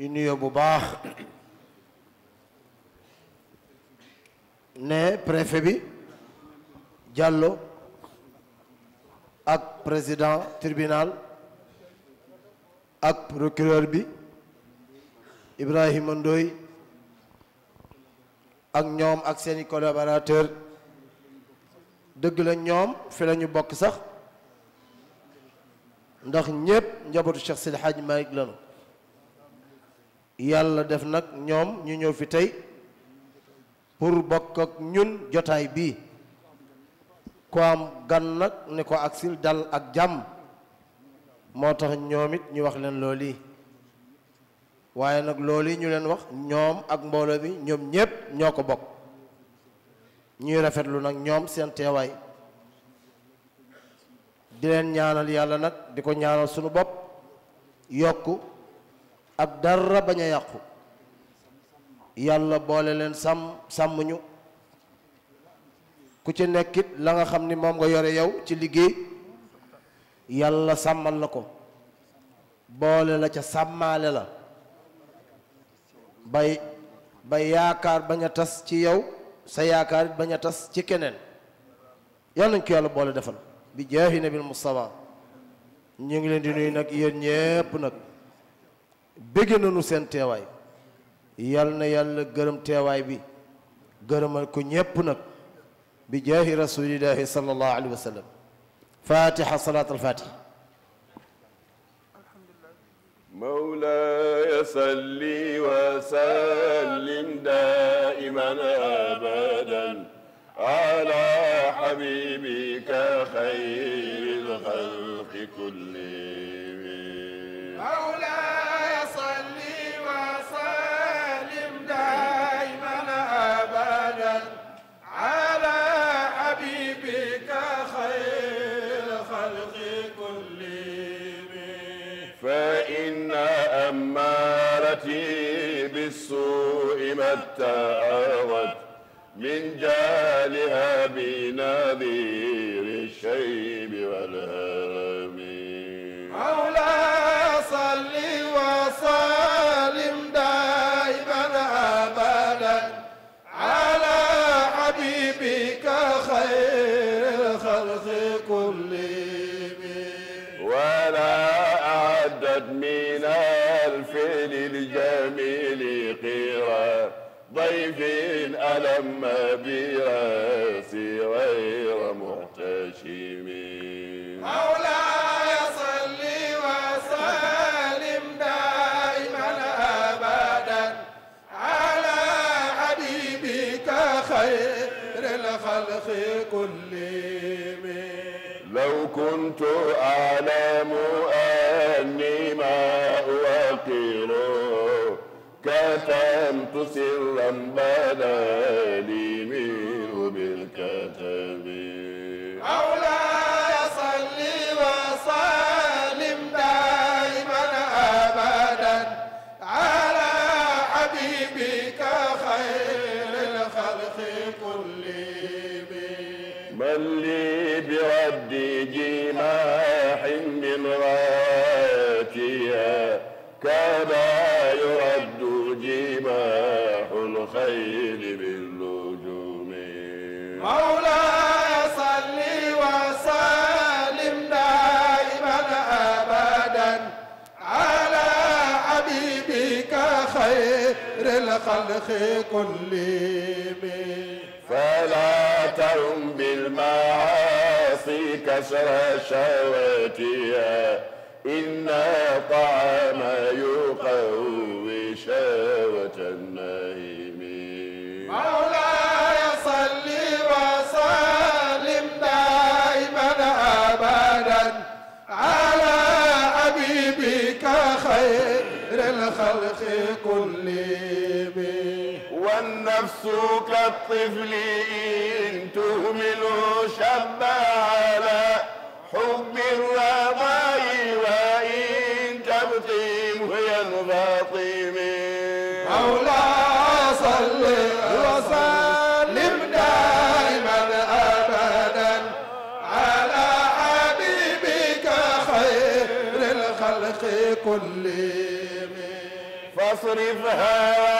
yu nuyoo bu baax ne préfet bi Diallo ak président tribunal ak procureur bi Ibrahima Ndoye ak ñoom ak seeni collaborateur dëgg la ñoom fi la ñu bokk sax ndax ñépp njabootu Cheikh Sidi Hadj Malick lanu yàlla def nag ñoom ñu ñëw fi tey pour bokk ak ñun jotaay bii ku am gan nag ni ko agsil dal ak jàmm moo tax ñoom it ñu wax leen loolu waaye nag loolu yi ñu leen wax ñoom ak mbooloo bi ñoom ñépp ñoo ko bokk ñuy rafetlu nag ñoom seen teewaay di leen ñaanal yàlla nag di ko ñaanal sunu bopp yokku ak dara bañ a yàqu yàlla boole leen sàmm sàmmuñu ku ci nekkit la nga xam ni moom nga yore yow ci liggéey yàlla sàmmal la ko boole la ca sàmmaale la bay bay yaakaar bañ a tas ci yow sa yaakaar it bañ a tas ci keneen yal nañ ko yàlla boole defal bi jaahi nabil Mustafa ñu ngi leen di nag yéen ñépp nag bégge nañu seen teewaay yal na yàlla gërëm teewaay bi gërëmal ko ñépp nag bi jaahi rasulillahi sallallahu alayhi wa sallam fatiha salaat alfatiha مولاي صل وسلم دائما ابدا على حبيبك خير تآوت من جالها بنظير الشيب والهام ألم بها سغير محتشم مولاي صل وسلم دائما أبدا على حبيبك خير الخلق كلهم لو كنت أعلم أني ما أوقف كتمت سرا بدا لي منه بالكتب الخلق كلهم فلا تهم بالمعاصي كسر شواتها إن الطعام يقوي شهوة النعيم مولاي صل وسلم دائما أبدا على حبيبك خير الخلق كلهم والنفس كالطفل إن تهمل شب على حب الرضا واصرفها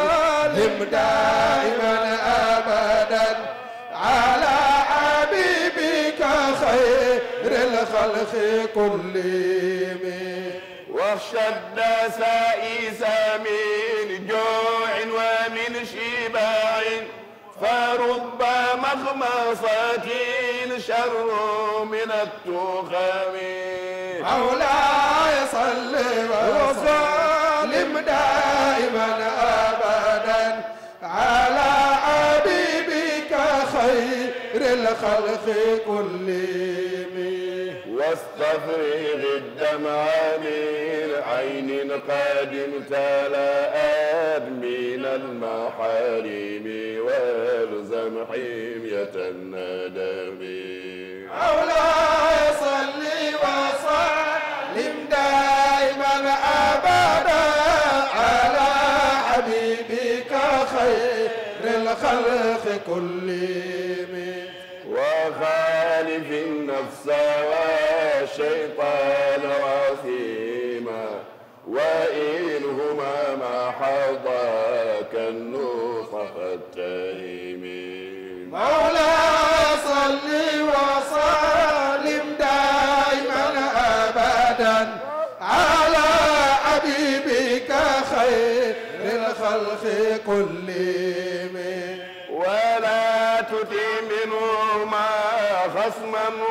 الخلق كلهم واشتد سائس من جوع ومن شباع فرب مخمصة شر من التخم مولاي صل وسلم دائما خير الخلق كلهم واستفرغ الدمع من عين قد امتلأت من المحارم والزم حمية الندم مولاي صل وسلم دائما أبدا على حبيبك خير الخلق كلهم النفس والشيطان عثيما وإنهما ما حضاك النوح فاتهم مولاي صل وسلم دائما أبدا على حبيبك خير الخلق كلهم ولا تطع منهما خصما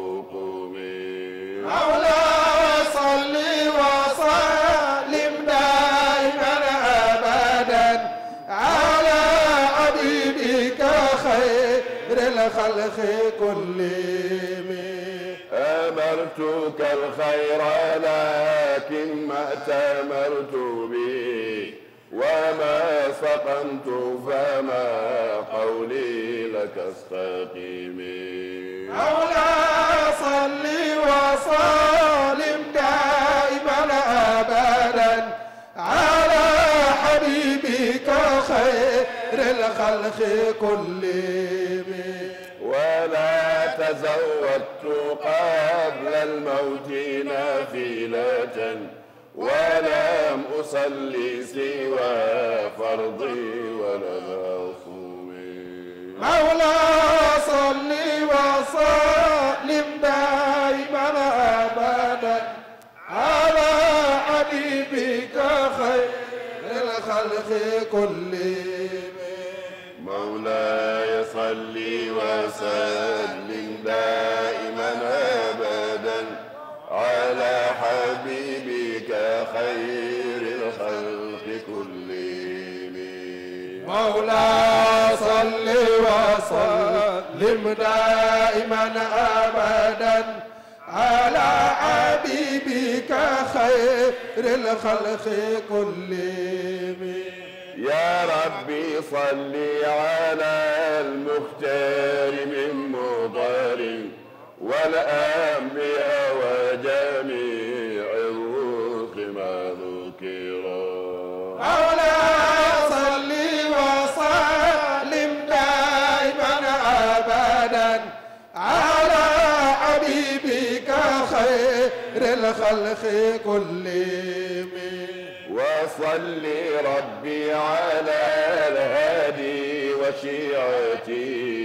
الخلق كلهم أمرتك الخير لكن ما تمرت به وما سقمت فما قولي لك استقيم مولا صل وسلم دائما أبدا على حبيبك خير الخلق كلهم تزودت قبل الموت نافلة ولم أصلي سوى فرضي ولا صومي مولا صل وسلم دائما أبدا على حبيبك خير الخلق كلهم مولاي صل وسلم دائما أبدا على حبيبك خير الخلق كلهم مولا صل وسلم دائما أبدا على حبيبك خير الخلق كلهم يا ربي صل على المختار والأنبياء وجميع الرسل ما ذكروا مولاي صل وسلم دائما أبدا على حبيبك خير الخلق كلهم وصل ربي على الهادي وشيعتي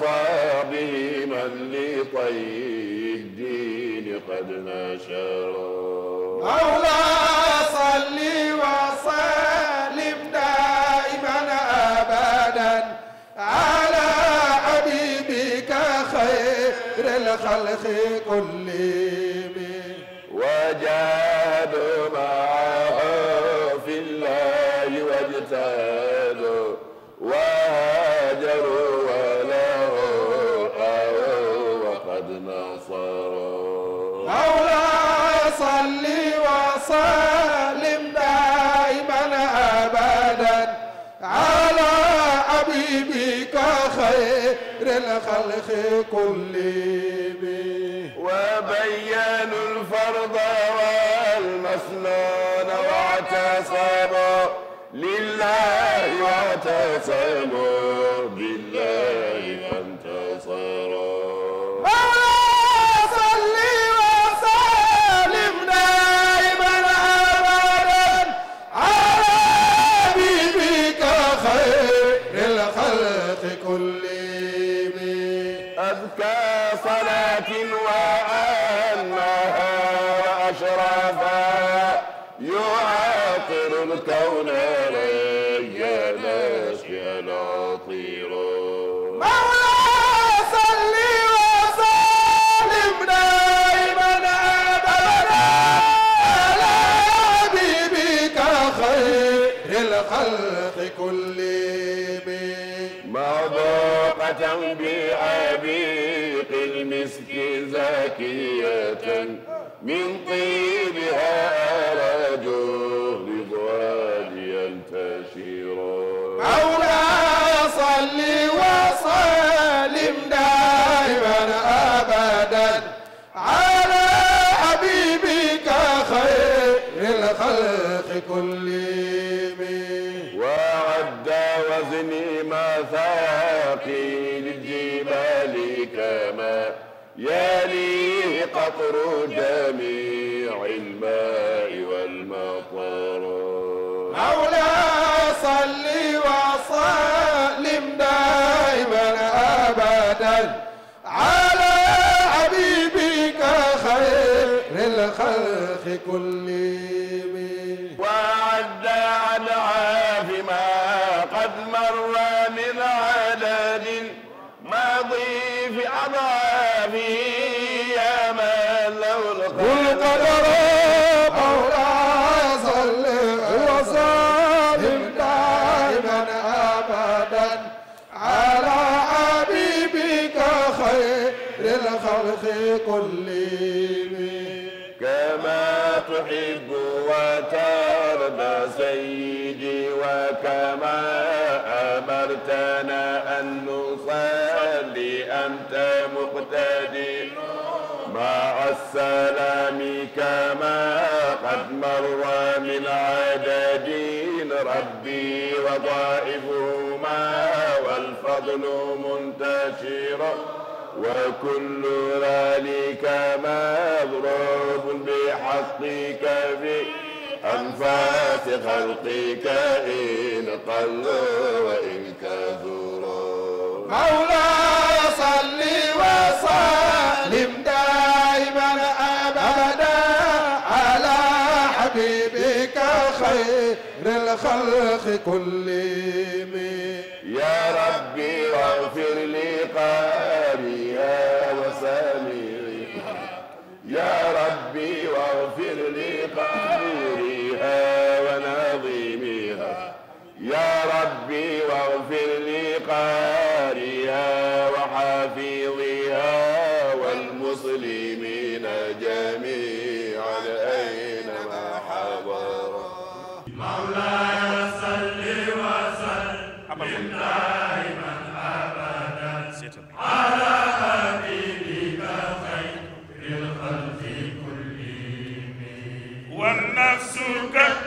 ووفى به من لطي الدين قد نشرا مولا صل وسلم دائما ابدا على حبيبك خير الخلق كلهم الخلق كلهم وبينوا الفرض والمسنون واعتصموا لله واعتصموا زكية من طيبها أرجو رضواني ينتشرا مولاي صل وسلم دائما أبدا على حبيبك خير الخلق كلهم وعد وزني مثاقي للجبال كما يلي فقر جميع الماء والمطر مولا صل وسلم دائما أبدا على حبيبك خير الخلق كلهم ربي وضائفهما والفضل منتشرا وكل ذلك مضروب بحقك في أنفاس خلقك إن قلوا وإن كثروا مولاي الخلق كلهم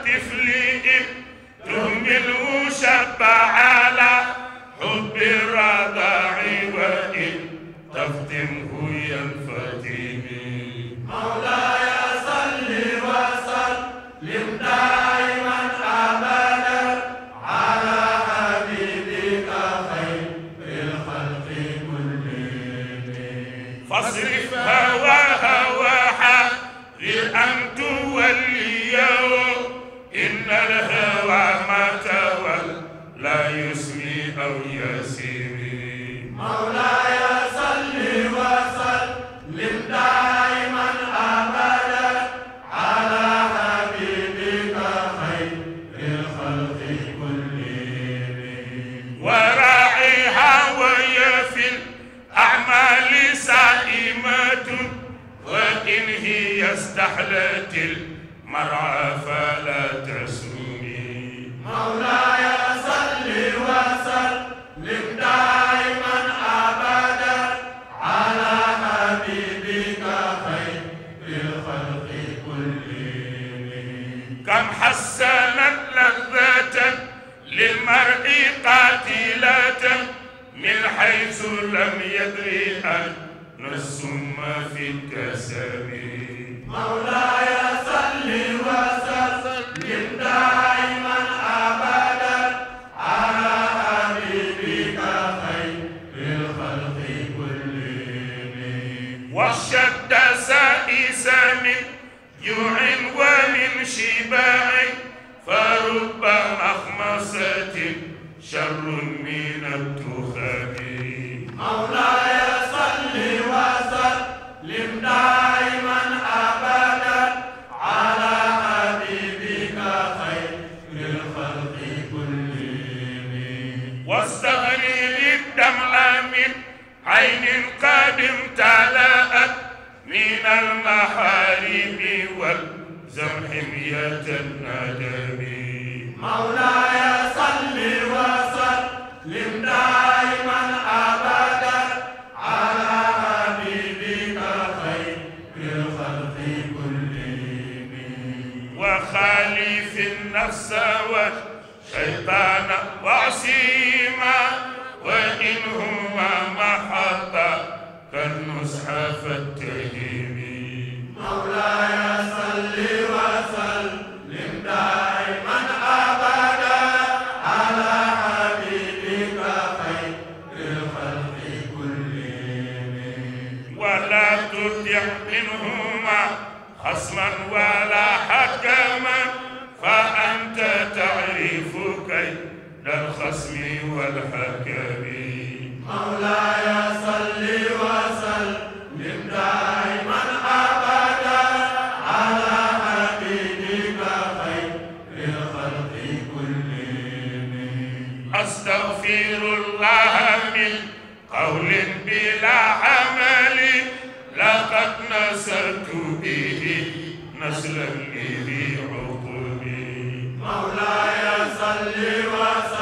الطفل إن تهمله شبعا واشتد سائس من جوع ومن شباع فرب مخمصة شر من التخم مولاي قد امتلأت من المحارم والزمح مية الندم مولاي صل وسلم دائما أبدا على حبيبك خير الخلق كلهم وخالف النفس والشيطان وعصيما وإن هو محط كالنصح فالتهيم مولاي صل وسلم دائما أبدا على حبيبك خير الخلق كلهم ولا تطع منهما خصما ولا حكما فأنت تعرف كيف لا الخصم والحكم مولاي صل وسلم دائما ابدا على حبيبك خير الخلق كلهم استغفر الله من قول بلا عمل لقد نسلت به نسلا به عقبي مولاي صل وسلم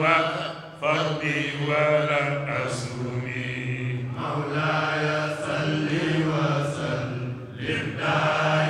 وفضلي ولا أسلمي مولاي صل وسلم دائما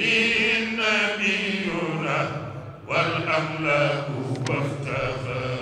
به النبينا والأملاك وافتخر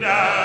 daa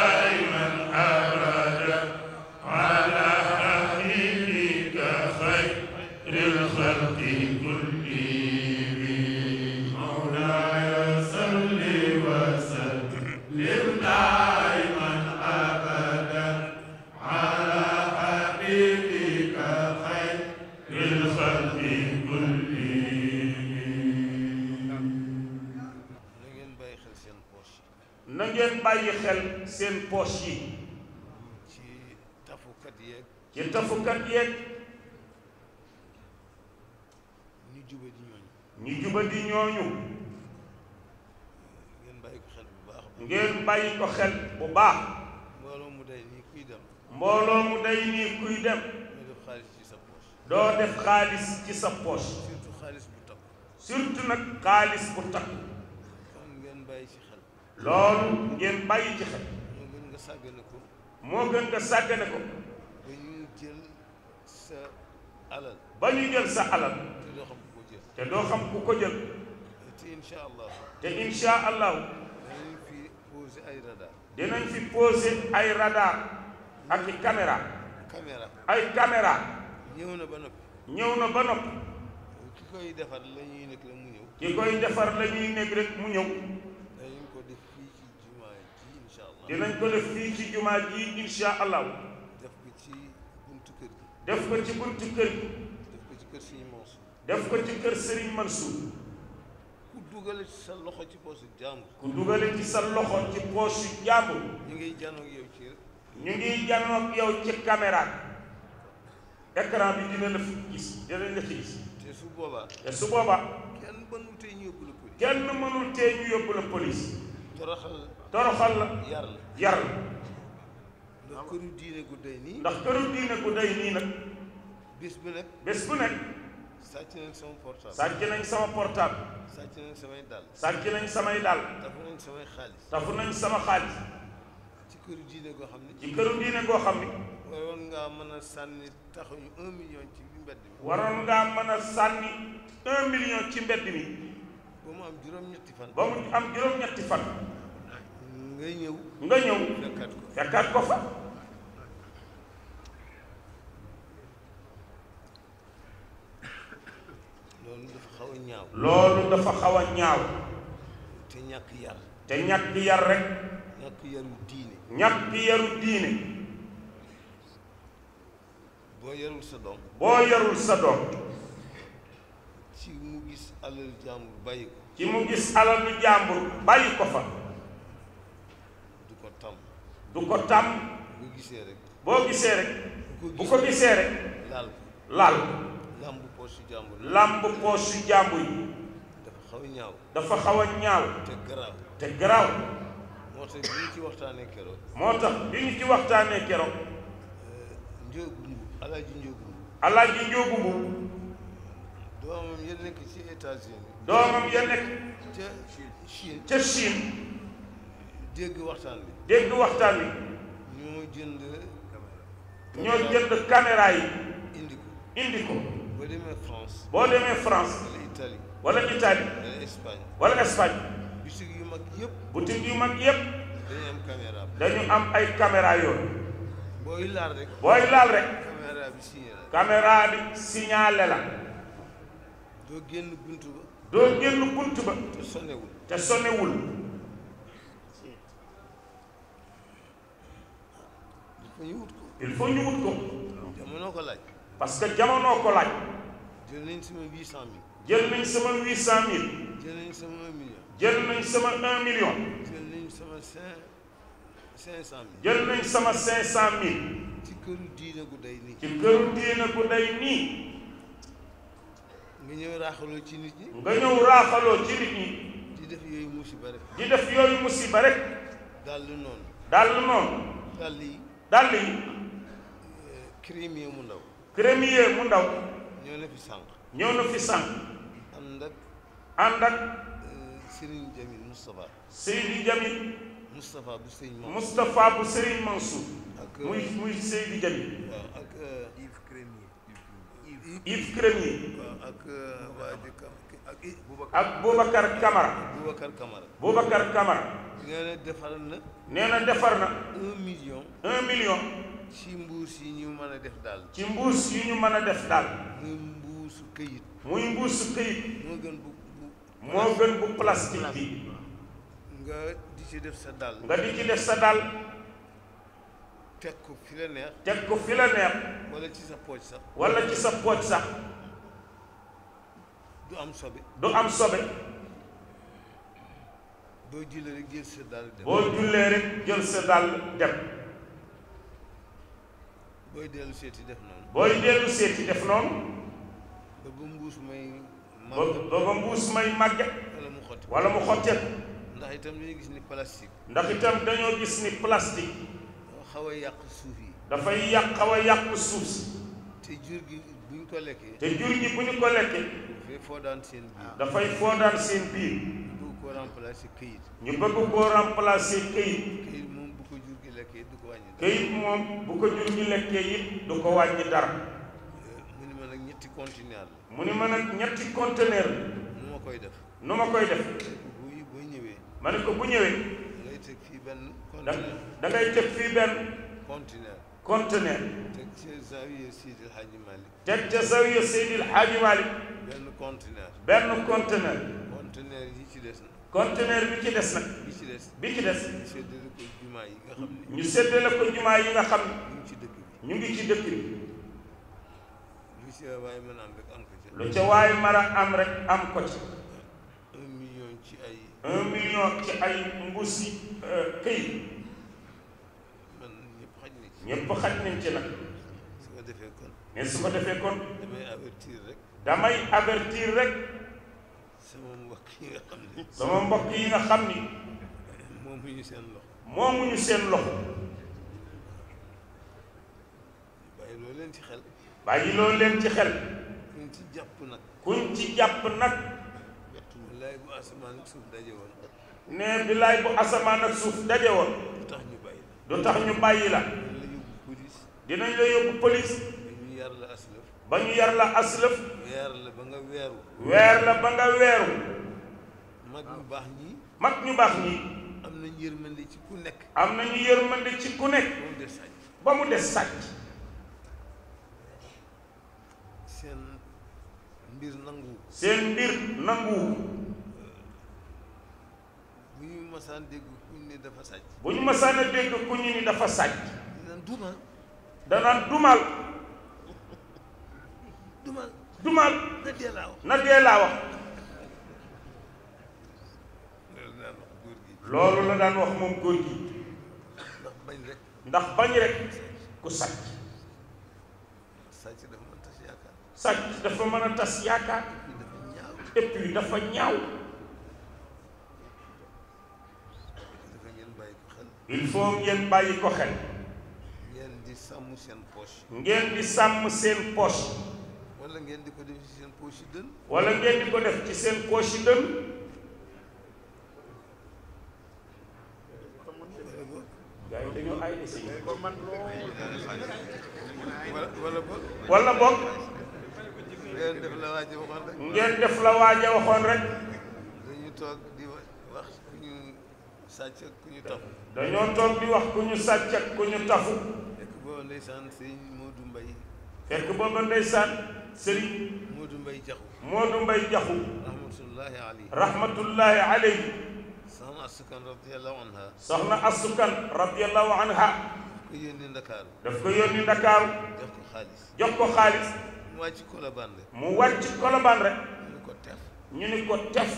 bàyyi ko xel bu baax. mbooloo mu day nii kuy dem. mbooloo mu day nii kuy dem. doo def xaalis ci sa poche. surtout xaalis bu takk. surtout nag xaalis bu takk. loolu ngeen bàyyi ci xel. loolu ngeen bàyyi ci xel. moo gën nga sàggane ko. moo gën nga sàggane ko. ba ñu jël sa alal. ba ñu jël sa alal. te doo xam ku ko jël. te doo xam ku ko jël. te incha allahu. te incha allahu. dinañ fi posé ay radar ak i caméra ay caméra ñëw na ba noppi ñëw na ba noppi ki koy defar la ñuy nekk mu ñëw ki koy defar la ñuy rek mu ñëw dinañ ko def fii ci jumaa ji insha allah def ci jumaa ko ci buntu kër gi def ko ci buntu kër gi def ko ci kër Serigne Mansour def ko dugale ci sa loxo ci poosu jàmbur. ku dugale ci sa loxo ci poosu jàmbur. ñu ngi janoog yow ci ñu ngi janoog yow ci caméra écran bi dina la fi gis dina la fi gis. te su boobaa. te su boobaa. kenn mënul tee ñu yóbbu la police. toroxal toroxal yar la yar la. ndax këru diine gu nii. ndax këru diine gu nii nag. bés bu nekk bés bu nekk. sàcc nañ sama portable. sàcc nañ sama portable. sàcc nañ samay dàll. sàcc nañ samay dàll. tafu nañ samay xaalis. tafu nañ sama xaalis. ci këru diine goo xam ne. ci këru diine goo xam ne. waroon ngaa mën a sànni taxuñu un million ci mbedd mi. waroon ngaa mën a sànni un million ci mbedd mi. ba mu am juróom-ñetti fan. ba mu am juróom-ñetti fan. nga ñëw. nga ñëw. fekkaat ko fekkaat ko fa. loolu dafa xaw a ñaaw. loolu dafa xaw a ñaaw. te ñàkk yar. te ñàkk yar rek. ñàkk yaru diine. ñàkk yaru diine. boo yarul sa doom. boo yarul sa doom. ci mu gis alalu jàmbur bàyyi ko. ci mu gis alalu jàmbur bàyyi ko fa. du ko tàmm. du ko tàmm. boo gisee rek. boo gisee rek. bu ko gisee rek. laal laal poosu jàmbur yi. làmb jàmbur yi. dafa xaw a ñaaw. dafa xaw a ñaaw. te garaaw te garaaw. moo tax bi ñu ci waxtaanee keroog. moo tax bi ñu ci waxtaanee keroog. Eh, Ndiogou Alaaji Ndiogou. Alaaji Ndiogou. doomam ya nekk ci États-Unis. doomam ya nekk. ca Chine ca Chine. dégg waxtaan bi. dégg waxtaan bi. ñoo jënd. ñoo jënd caméra yi. indi ko indi ko. boo demee France. boo demee France. wala Italie. wala Italie. wala Espagne. wala Espagne. boutique yu mag yëpp. boutique yu mag yëpp. dañu am caméra. dañu am ay caméra yooyu. booy laal rek. booy laal rek. caméra bi signalé la. doo génn bunt ba. doo génn bunt ba. te sonewul. il faut ñu wut ko. il faut ñu ko. jamono ko laaj. parce que jamono ko laaj. jël nañ sama huit cent mille. jël nañ sama huit cent mille. jël nañ sama un million. jël nañ sama un jël nañ sama cinq cent mille. jël sama cinq cent mille. ci këru diina gu day nii. ci këru diina gu day nii. nga ñëw raaxaloo ci nit ñi. nga ñëw raaxaloo ci nit ñi. di def yooyu musiba rek. di def yooyu musiba rek. dàll noonu. dàll noonu. dàll yi. dàll yi. Eh, crime yi mu ndaw. premier mu ndaw. ñëw na fi sànq. ñëw na fi sànq. ànd ak. ànd ak. Euh, Serigne Jamil Moustapha. Serigne bu Serigne Mansour. ak euh, muy muy Serigne Jamil. waaw ak euh, Yves Crémier. Yves Crémier. waaw ak waa ak Boubacar Camara. Boubacar Camara. Boubacar Camara. nee na defar na. nee na defar na. un million. un million. ci mbuus yi ñu mën a def daal. ci mbuus yi ñu mën a def daal. muy mbuusu këyit. muy mbuusu këyit. moo gën bu bu. moo gën bu plastique bi. nga di ci def sa daal. nga di ci def sa daal. teg ko fi neex. teg ko fi la neex. wala ci sa pooj sax. wala ci sa pooj sax. du am sobe du am sobe boo jullee rek jël sa dàll dem boo jullee rek jël sa dàll dem booy dellu seeti def noonu booy dellu seeti def noonu ba ba mbuus may màgget ba ba mbuus may màgget wala mu xotti wala mu xotteet ndax itam dañoo gis ni plastique ndax itam dañoo gis ni plastique xaw a yàq suuf yi dafay yàq xaw a yàq suuf si te jur gi bu ñu ko lekkee te jur gi bu ñu ko lekkee dafay foodaan seen biir. dafay foodaan seen biir. ñu bëgg koo remplacer këyit. ñu bëgg koo remplacer këyit. këyit moom bu ko jur gi lekkee du ko wàññi dara. këyit moom bu ko jur gi lekkee it ko wàññi dara. Eh, mu ni ma nag ñetti conteneur la. mu ni ma nag ñetti conteneur la. nu ma koy def. nu ma koy def. bu bu ñëwee. ma ne ko bu ñëwee. da teg fii benn conteneur. da ngay teg fii benn. conteneur. conteneur. teg ca zawiya Seydil Hadji benn conteneur. benn conteneur. conteneur yi ci des nag. conteneur bi ci des nag. bi ci des bi ci des. ñu séddale ko jumaa yi nga xam ne. ñu séddale ko jumaa yi nga xam ne. ñu ngi ci dëkk bi ñu ngi ci dëkk bi. lu ca waay mën a am rek am ko ci. lu ca waay mën a am rek am ko ci. un million ci ay. un million ci ay mbuusi euh, këy. man ñëpp xaj nañ ci. ñëpp xaj nañ ci nag. su ko defee kon. mais su ko defee kon. damay avertir rek. damay avertir rek sama mbokk yi nga xam ni sama mbokk yi nga xam ni moomuñu seen loxo moomuñu seen loxo bàyyi loo leen ci xel bàyyi loo leen ci xel kuñ ci jàpp nag kuñ ci jàpp nag bilaay bu asamaan ak suuf daje woon ne bilaay bu asamaan ak suuf daje woon du tax ñu bàyyi du tax ñu bàyyi la dinañ la yóbbu police dinañ la yóbbu police dañu yar la aslam ba ñu yar la aslëf weer la ba nga weeru weer la ba nga weeru mag ñu baax ñi mag ñu baax ñi am nañu yërmande ci ku nekk am na nañu yërmande ci ku nekk ba mu des sàcc seen mbir nangu seen mbir nangu bu ñu masaan dégg ku ñu ni dafa sàcc bu ñu masaan a dégg ku ñu ni dafa sàcc danaan dumal danaan dumal dumal na dee laa wax loolu la daan wax moom góor gi ndax bañ rek ku sàcc sàcc dafa mën a tas yaakaar et puis dafa ñaaw il faut ngeen bàyyi ko xel ngeen di sàmm seen poche ngeen di sàmm seen poche wala ngeen di ko def ci seen poche dën wala ngeen di ko def ci seen poche dën gars yi dañoo ay essayé wala boog ngeen def la waaja waxoon rek def la waaja waxoon rek dañu toog di wax ku ñu sàcc ku ñu tafu dañoo toog di wax ku ñu sàcc ak ku ñu tafu fekk booba ndeysaan sëñ Modou Mbaye fekk booba ndeysaan Serigne. Modou Mbaye Diakhou. Modou Mbaye Diakhou. rahmatullahi alayhi. rahmatullahi alayhi. soxna Asukan radiyallahu anha. soxna Asukan radiyallahu anha. daf ko yónni Ndakaaru. daf ko yónni Ndakaaru. jox ko xaalis. jox ko xaalis. mu wàcc Colobane rek. mu wàcc Colobane rek. ñu ni ko tef. ñu ni ko tef.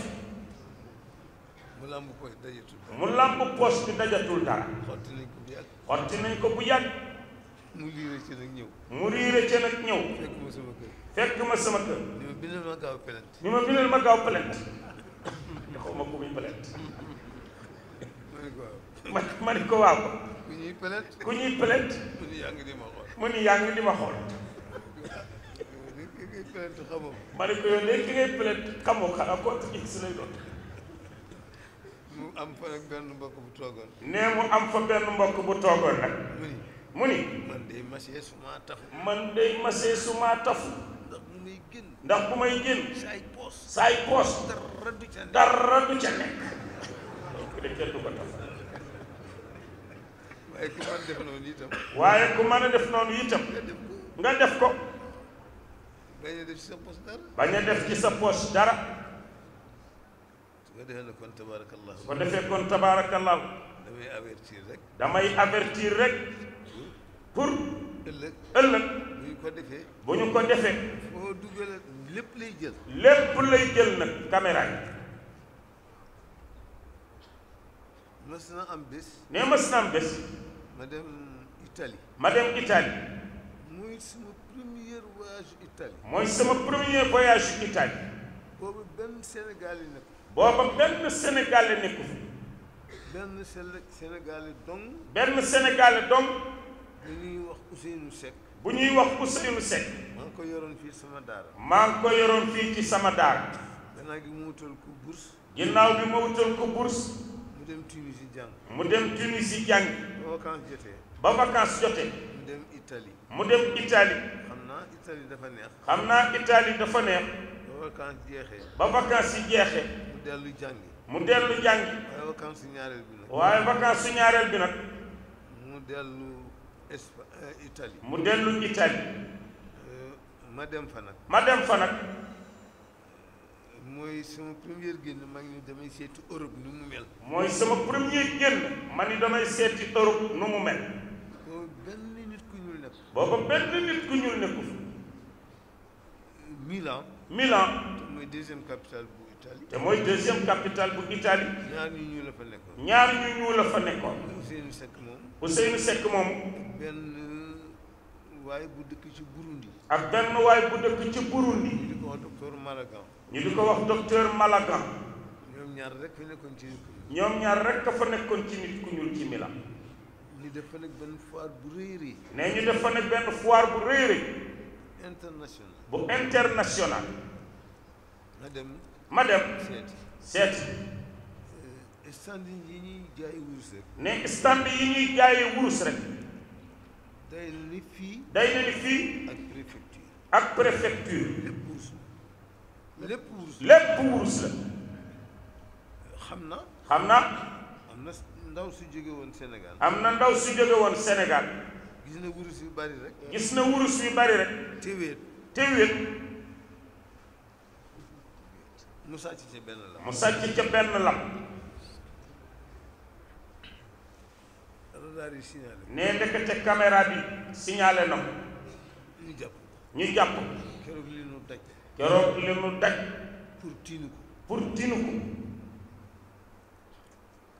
mu làmb poos dajatul. mu làmb poos bi dajatul dara. xotti nañ ko bu yàgg. xotti nañ ko bu yàgg. mu riire ci nag ñëw. mu riire ci nag ñëw. fekk ma sama kër. fekk ma sama kër. ni ma bindal ma gaaw plainte. ni ma bindal ma gaaw plainte. xaw ma ku muy plainte. ma ma ko waaw. ku mu ni yaa ngi di ma xool. mu ni yaa ngi di ma ko mu am fa nag benn mbokk bu toogoon. nee mu ni. man de masee suma tafu. ndax bu may génn saay poos dara du ca nekk donc de kenn du ko tam waaye ku mën a def noonu itam waaye ku mën def noonu itam nga def ko bañ a def ci sa poos def ci sa poos dara su ko defee kon tabaarakallah su ko defee kon tabaarakallah damay avertir rek damay avertir rek pour ëllëg ëllëg ko defee. bu ñu ko defee. boo dugalee lépp lay jël. lépp lay jël nag caméra yi. mës na am bés. nee mës na am bés. ma dem Italie. ma dem Italie. muy sama premier voyage Italie. mooy sama premier voyage Italie. boobu benn Sénégal yi nekk. booba benn Sénégal yi nekk fi. benn Sénégal yi dong. benn Sénégal yi dong. dañuy wax Ousseynou Seck. bu ñuy wax Ousseynou Seck. maa ngi ko yoroon fii sama daara. maa ngi ko yoroon fii ci sama daara. gannaaw gi mu wutal ko bourse. ginnaaw bi ma wutal ko bourse. mu dem Tunisie jàng. mu dem Tunisie jàng. ba vacances jotee. ba vacances jotee. mu dem Italie. mu dem Italie. xam naa Italie dafa neex. xam naa Italie dafa neex. ba vacances jeexee. ba vacances jeexee. mu dellu jàngi. mu dellu jàngi. waaye vacances ñaareel bi nag. waaye mu dellu Espagne. Euh, Italie mu dellu Italie euh, ma dem fa nag ma dem fa nag euh, mooy sama première génn ma ni damay seeti Europe nu mu mel mooy sama première génn ma ni damay seeti Europe nu mu mel booba benn nit ku ñuul nekk booba benn nit ku ñuul nekku Milan Milan te mooy deuxième capital bu Italie te mooy deuxième capitale bu Italie ñaar ñu ñu la fa nekkoon ñaar ñu ñu la fa nekkoon Ousseynou Seck moom Ousseynou Seck moom. benn waay bu dëkk ci Burundi. ak benn waay bu dëkk ci Burundi. ñu di ko wax docteur Malagan. ñu di ko wax docteur Malagan. ñoom ñaar rek fa nekkoon ci nit ku ñoom ñaar rek fa nekkoon ci nit ñuul ci mi la. ñu def fa nag benn foire bu rëy yi nee ñu def fa benn foire bu rëy rëy. international bu international. ma dem. ma dem seeti. seeti. stand yi ñuy jaay wurus rek. ne stand yi ñuy jaayee wurus rek. day na ni fii. day na ni fii. ak préfecture. ak préfecture. lépp wurus la. lépp wurus la. xam na. xam na. am na ndaw su jóge woon Sénégal. am na ndaw su jóge woon Sénégal. gis na wurus yu bari rek. gis na wurus yu bari rek. téwéet. téwéet. mu sàcc ca benn lam. mu sàcc ca benn lam. ne ndekete caméra bi signalé na ko. ñu jàpp ñu jàpp. keroog li nu daj. keroog li nu daj. pour tiinu ko. pour tiinu ko.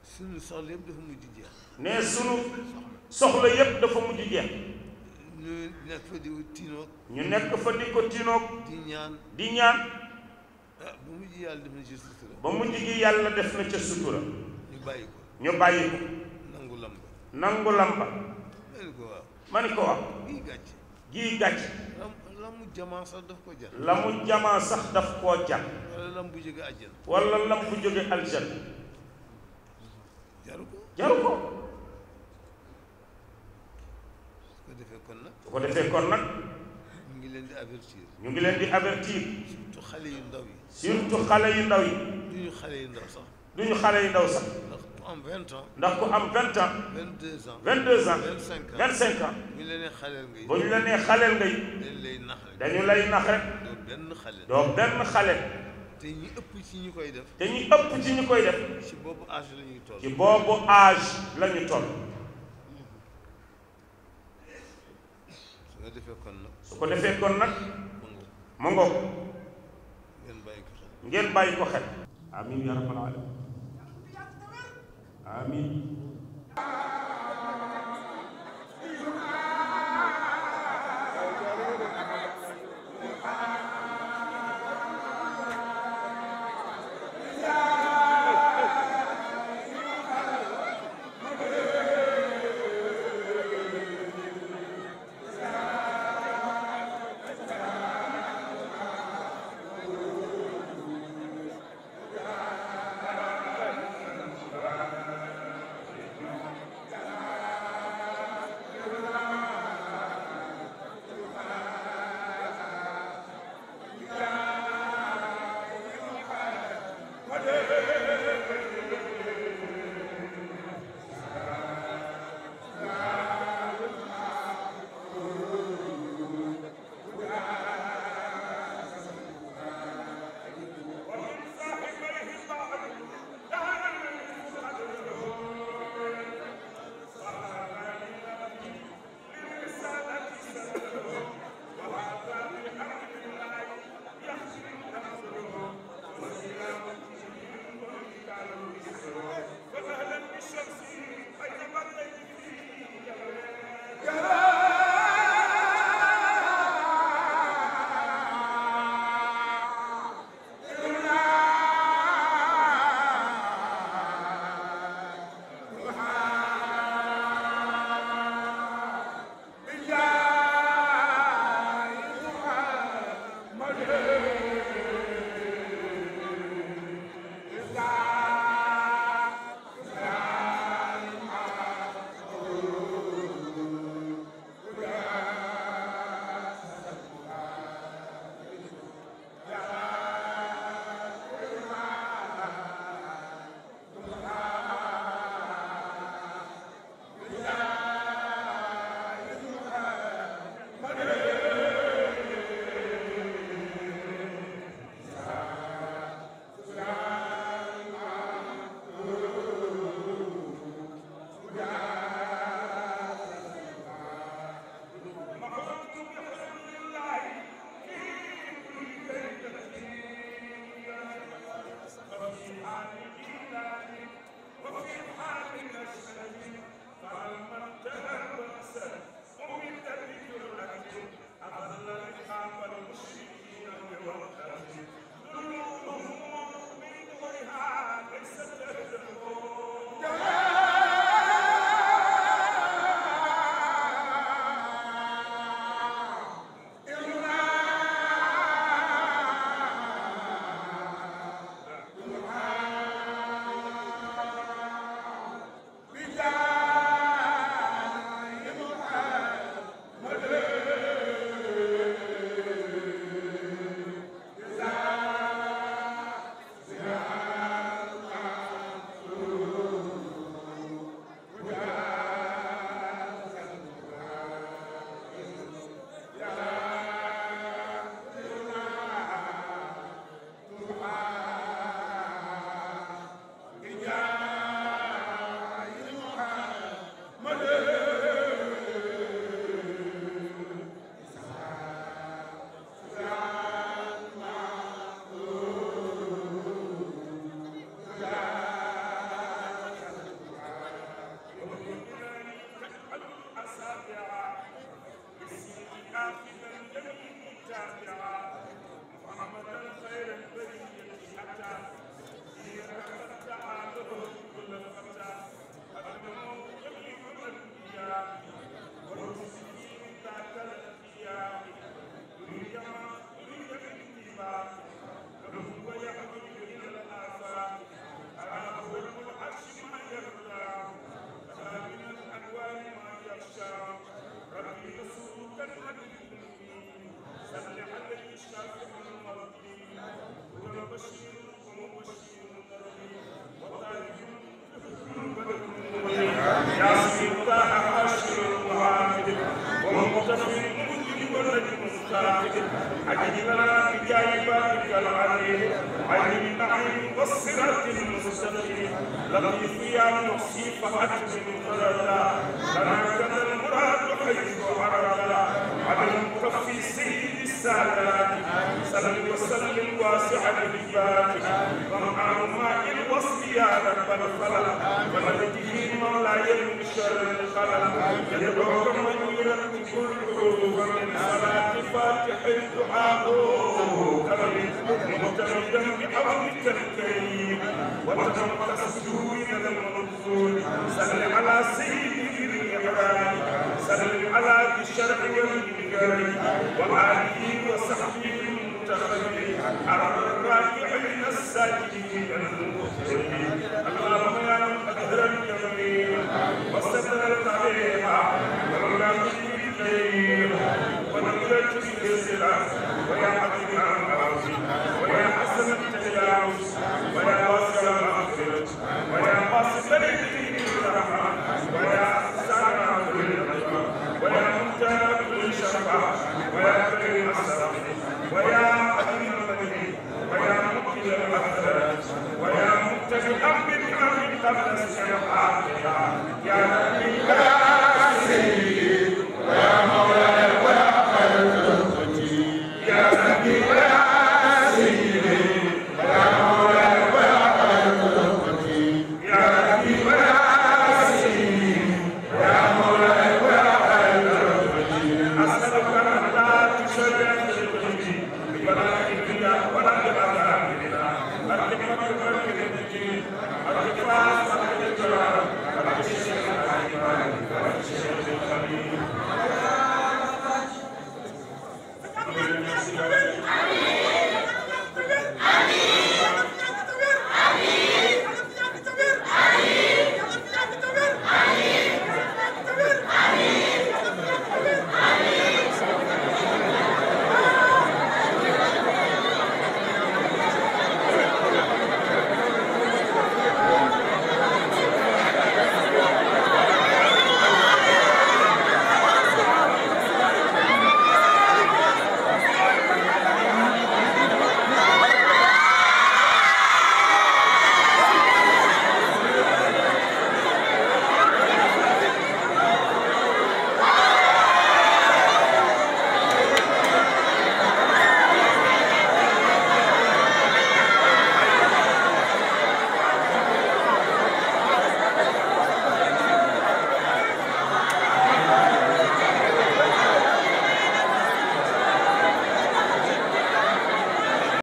sunu soxla yëpp dafa mujj jeex. ne sunu soxla yëpp dafa mujj jeex. ñu nekk fa di ko tiinoog. ñu nekk di ko tiinoog. di ñaan di ñaan. ah ba mujj yàlla def na ca sutura. ba mujj yàlla def na ca sutura. ñu bàyyi ko ñu bàyyi ko. nangu lampa ma ni ko wax gii gàcc lamu jamaa sax daf ko jar lamu jamaa sax daf koo jar wala lam bu jóge aljana wala lam bu jóge aljana jaru ko jaru ko su ko defee kon nag su ko defee kon nag ñu ngi leen di avertir ñu ngi leen di avertir surtout xale yu ndaw yi surtout xale yu ndaw yi duñu xale yu ndaw sax duñu xale yu ndaw sax am vingt ans. ndax ko am vingt ans. vingt deux ans vingt deux ans. vingt cinq ans vingt cinq ans. bu ñu la nee xaleel ngay. bu ñu la nee xaleel ngay. yi dañu lay nax rek. doo benn xaleel doo benn xaleel. te ñi ëpp ci ñu koy def. te ñu ëpp ci ñu koy def. ci boobu âge la ñuy toll. ci boobu âge la ñuy toll. su nga defee kon nag. su ko defee kon nag. mu ngoog. ngeen bàyyi ko xel. amiin yaa rabbal aalamiin. amiin رسولك الحبيب صل على المشرف المرضي وبشير ومبشر ربي وطالب يا سلطان حاشر وعامل ومقتفي المجرم الذي مستعجل اجلنا بجاي بابك العليم عين النعيم والصراط المستقيم لطيف يا محصي فاكرم قدرنا وتخفي سيد السادات سلم وسلم واسع العباد رمعان ماء الوصف يا رب الخلل ومدده من لا يلم شر الخلل يدعوك منيرا كل حروف من صلاة فاتح دعاء كرم متمدا بعظمك الكريم وتنقص السوء من المنصور سلم على سيد الرحمن سلم على الشرع والدين الكريم وآله وصحبه المتخلفين على الراجعين الساجدين المقتدين اللهم يا من أظهر الجميل وستر قبل الشفاعة يا نبي الله